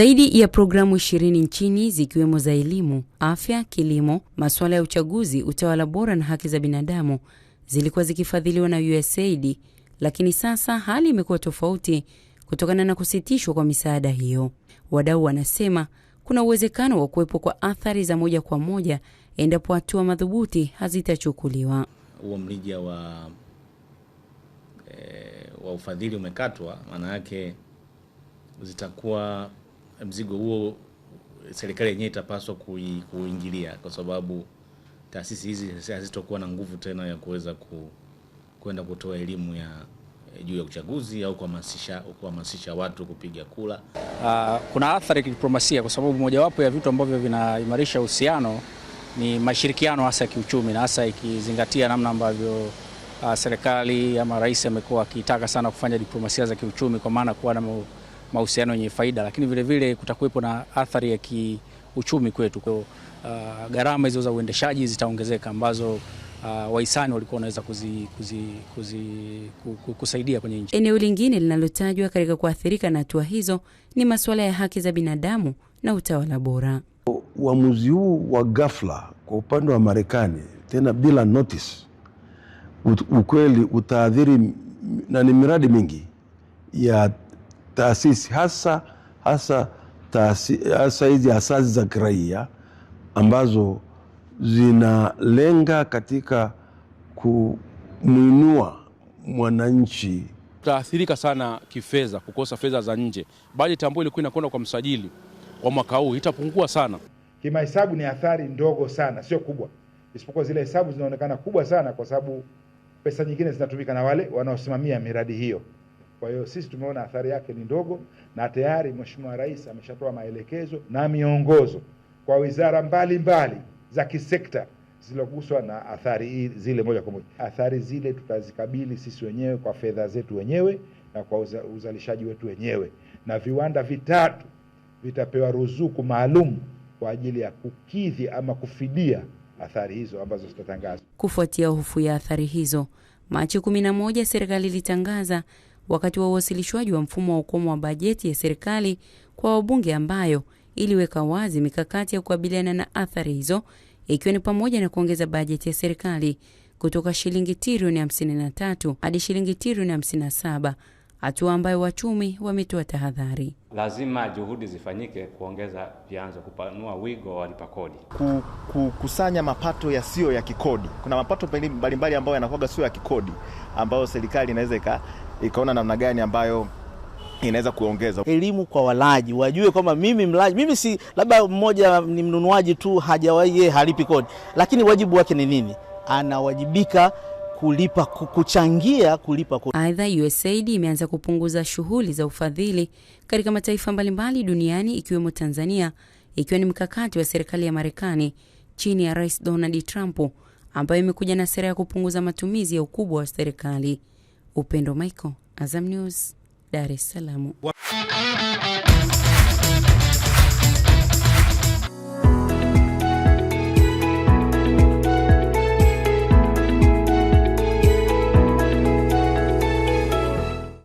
Zaidi ya programu ishirini nchini zikiwemo za elimu, afya, kilimo, masuala ya uchaguzi, utawala bora na haki za binadamu zilikuwa zikifadhiliwa na USAID, lakini sasa hali imekuwa tofauti kutokana na kusitishwa kwa misaada hiyo. Wadau wanasema kuna uwezekano wa kuwepo kwa athari za moja kwa moja endapo hatua madhubuti hazitachukuliwa. Huo mrija wa, e, wa ufadhili umekatwa, maana yake zitakuwa mzigo huo serikali yenyewe itapaswa kuingilia, kwa sababu taasisi hizi hazitokuwa na nguvu tena ya kuweza ku, kwenda kutoa elimu ya juu ya uchaguzi au kuhamasisha kuhamasisha watu kupiga kura. Uh, kuna athari kidiplomasia, kwa sababu mojawapo ya vitu ambavyo vinaimarisha uhusiano ni mashirikiano hasa ya kiuchumi na hasa ikizingatia namna ambavyo uh, serikali ama rais amekuwa akitaka sana kufanya diplomasia za kiuchumi kwa maana kuwa na mahusiano yenye faida, lakini vilevile kutakuwepo na athari ya kiuchumi kwetu. Kwa uh, gharama hizo za uendeshaji zitaongezeka ambazo Uh, wahisani walikuwa wanaweza kuzi, kuzi, kuzi, kusaidia kwenye nchi. Eneo lingine linalotajwa katika kuathirika na hatua hizo ni masuala ya haki za binadamu na utawala bora. Uamuzi huu wa ghafla kwa upande wa Marekani, tena bila notice, ukweli utaathiri na ni miradi mingi ya taasisi hasa hasa taasi, hasa hizi asasi za kiraia ambazo zinalenga katika kumwinua mwananchi taathirika sana kifedha, kukosa fedha za nje. Bajeti ambayo ilikuwa inakwenda kwa msajili kwa mwaka huu itapungua sana. Kimahesabu ni athari ndogo sana, sio kubwa, isipokuwa zile hesabu zinaonekana kubwa sana, kwa sababu pesa nyingine zinatumika na wale wanaosimamia miradi hiyo. Kwa hiyo sisi tumeona athari yake ni ndogo, na tayari Mheshimiwa Rais ameshatoa maelekezo na miongozo kwa wizara mbalimbali za kisekta zilizoguswa na athari zile moja kwa moja. Athari zile tutazikabili sisi wenyewe kwa fedha zetu wenyewe na kwa uzalishaji wetu wenyewe, na viwanda vitatu vitapewa ruzuku maalum kwa ajili ya kukidhi ama kufidia athari hizo ambazo zitatangazwa. Kufuatia hofu ya athari hizo, Machi 11 serikali ilitangaza wakati wa uwasilishwaji wa mfumo wa ukomo wa bajeti ya serikali kwa wabunge ambayo iliweka wazi mikakati ya kukabiliana na athari hizo ikiwa ni pamoja na kuongeza bajeti ya serikali kutoka shilingi trilioni 53 hadi shilingi trilioni 57, hatua ambayo wachumi wametoa tahadhari. Lazima juhudi zifanyike kuongeza vyanzo, kupanua wigo wa walipa kodi, kukusanya mapato yasiyo ya kikodi. Kuna mapato mbalimbali ambayo yanakwaga sio ya kikodi, ambayo serikali inaweza ikaona namna gani ambayo inaweza kuongeza elimu kwa walaji, wajue kwamba mimi mlaji, mimi si labda mmoja ni mnunuaji tu, hajawahi yeye halipi kodi, lakini wajibu wake ni nini? Anawajibika kulipa kuchangia kulipa kodi. Aidha, USAID imeanza kupunguza shughuli za ufadhili katika mataifa mbalimbali duniani ikiwemo Tanzania, ikiwa ni mkakati wa serikali ya Marekani chini ya Rais Donald Trump ambayo imekuja na sera ya kupunguza matumizi ya ukubwa wa serikali. Upendo Michael, Azam News, Dar es Salaam.